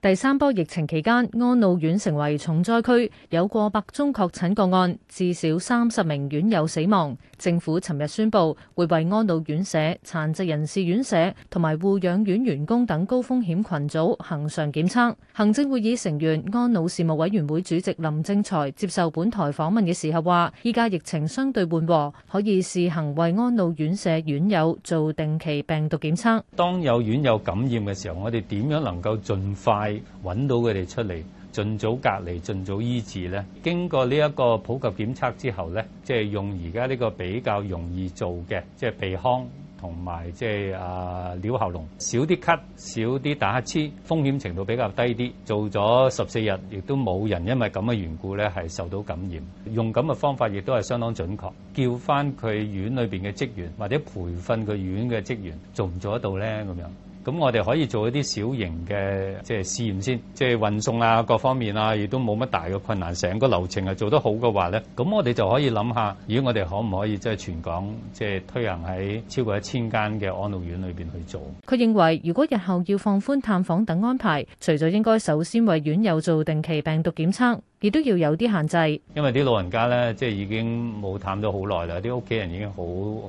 第三波疫情期間，安老院成為重災區，有過百宗確診個案，至少三十名院友死亡。政府尋日宣布會為安老院舍、殘疾人士院舍同埋護養院員工等高風險群組恒常檢測。行政會議成員，安老事務委員會主席林正財接受本台訪問嘅時候話，依家疫情相對緩和，可以試行為安老院舍院友做定期病毒檢測。當有院友感染嘅時候，我哋點樣能夠盡快，揾到佢哋出嚟，盡早隔離、盡早醫治咧。經過呢一個普及檢測之後咧，即係用而家呢個比較容易做嘅，即係鼻腔同埋即係啊，撩喉嚨少啲咳，少啲打乞嗤，風險程度比較低啲。做咗十四日，亦都冇人因為咁嘅緣故咧，係受到感染。用咁嘅方法亦都係相當準確。叫返佢院裏邊嘅職員，或者培訓佢院嘅職員，做唔做得到咧？咁樣。咁我哋可以做一啲小型嘅即係試驗先，即係運送啊，各方面啊，亦都冇乜大嘅困難。成個流程啊做得好嘅話咧，咁我哋就可以諗下，如果我哋可唔可以即係全港即係推行喺超過一千間嘅安老院裏邊去做？佢認為，如果日後要放寬探訪等安排，除咗應該首先為院友做定期病毒檢測，亦都要有啲限制。因為啲老人家咧即係已經冇探咗好耐啦，啲屋企人已經好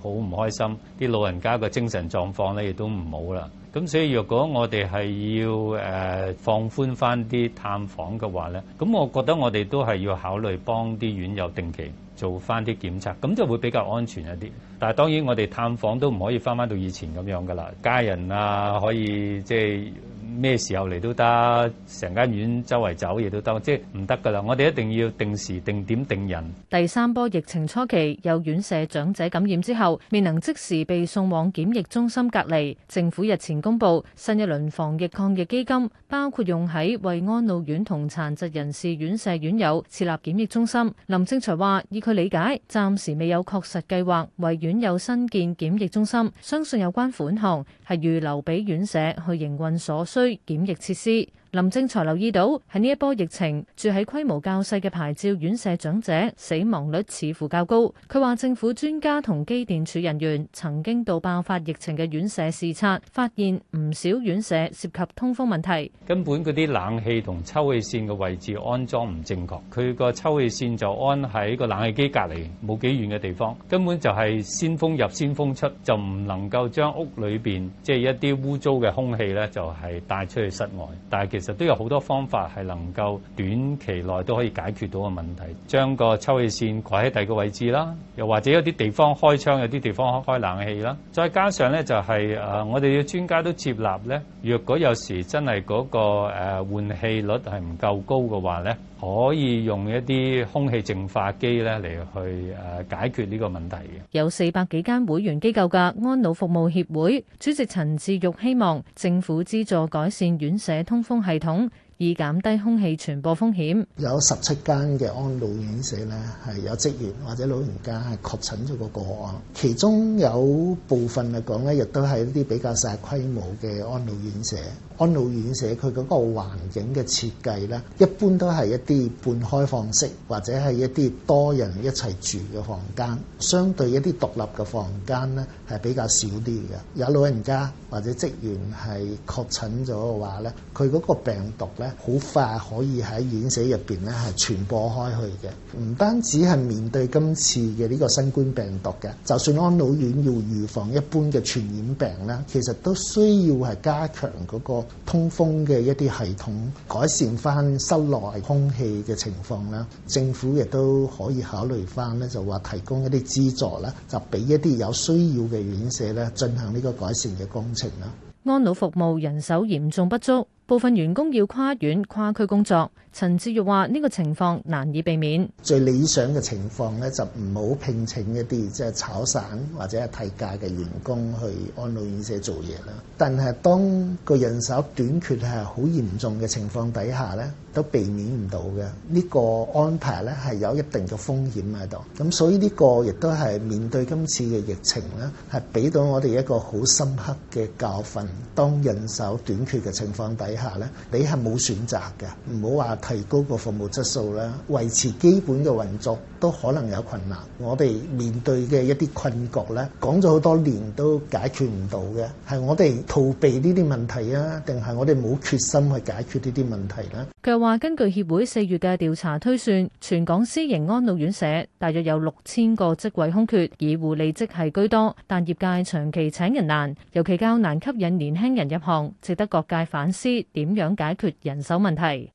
好唔開心，啲老人家個精神狀況咧亦都唔好啦。咁所以如果我哋係要誒放寬翻啲探訪嘅話咧，咁我覺得我哋都係要考慮幫啲院友定期。做翻啲檢測，咁就會比較安全一啲。但係當然我哋探訪都唔可以翻返到以前咁樣㗎啦。家人啊，可以即係咩時候嚟都得，成間院周圍走嘢都得，即係唔得㗎啦。我哋一定要定時、定點、定人。第三波疫情初期有院舍長者感染之後，未能即時被送往檢疫中心隔離。政府日前公布新一輪防疫抗疫基金，包括用喺為安老院同殘疾人士院舍院友設立檢疫中心。林正財話：，以，去理解，暫時未有確實計劃為院友新建檢疫中心，相信有關款項係預留俾院舍去營運所需檢疫設施。林正財留意到，喺呢一波疫情，住喺規模較細嘅牌照院舍長者死亡率似乎較高。佢話：政府專家同機電署人員曾經到爆發疫情嘅院舍視察，發現唔少院舍涉及通風問題。根本嗰啲冷氣同抽氣扇嘅位置安裝唔正確，佢個抽氣扇就安喺個冷氣機隔離冇幾遠嘅地方，根本就係先風入先風出，就唔能夠將屋裏邊即係一啲污糟嘅空氣咧，就係帶出去室外，但係結其實都有好多方法係能夠短期內都可以解決到個問題，將個抽氣扇改喺第二個位置啦，又或者有啲地方開窗，有啲地方開冷氣啦。再加上咧就係誒，我哋嘅專家都接納咧。若果有時真係嗰個誒換氣率係唔夠高嘅話咧，可以用一啲空氣淨化機咧嚟去誒解決呢個問題嘅。有四百幾間會員機構嘅安老服務協會主席陳志玉希望政府資助改善院舍通風系統，以減低空氣傳播風險。有十七間嘅安老院舍咧，係有職員或者老人家係確診咗個個案。其中有部分嚟講咧，亦都係一啲比較細規模嘅安老院舍。安老院舍佢嗰個環境嘅設計咧，一般都係一啲半開放式或者係一啲多人一齊住嘅房間，相對一啲獨立嘅房間咧係比較少啲嘅。有老人家或者職員係確診咗嘅話咧，佢嗰個病毒咧。好快可以喺院舍入邊咧，係傳播開去嘅。唔單止係面對今次嘅呢個新冠病毒嘅，就算安老院要預防一般嘅傳染病啦，其實都需要係加強嗰個通風嘅一啲系統，改善翻室內空氣嘅情況啦。政府亦都可以考慮翻咧，就話提供一啲資助啦，就俾一啲有需要嘅院舍咧進行呢個改善嘅工程啦。安老服務人手嚴重不足。部分員工要跨院跨區工作。陳志玉話：呢個情況難以避免。最理想嘅情況咧，就唔好聘請一啲即係炒散或者係替價嘅員工去安老院舍做嘢啦。但係當個人手短缺係好嚴重嘅情況底下咧，都避免唔到嘅。呢個安排咧係有一定嘅風險喺度。咁所以呢個亦都係面對今次嘅疫情咧，係俾到我哋一個好深刻嘅教訓。當人手短缺嘅情況底下咧，你係冇選擇嘅。唔好話。提高個服務質素啦，維持基本嘅運作都可能有困難。我哋面對嘅一啲困局咧，講咗好多年都解決唔到嘅，係我哋逃避呢啲問題啊，定係我哋冇決心去解決呢啲問題咧？佢話：根據協會四月嘅調查推算，全港私營安老院舍大約有六千個職位空缺，以護理職系居多，但業界長期請人難，尤其較難吸引年輕人入行，值得各界反思點樣解決人手問題。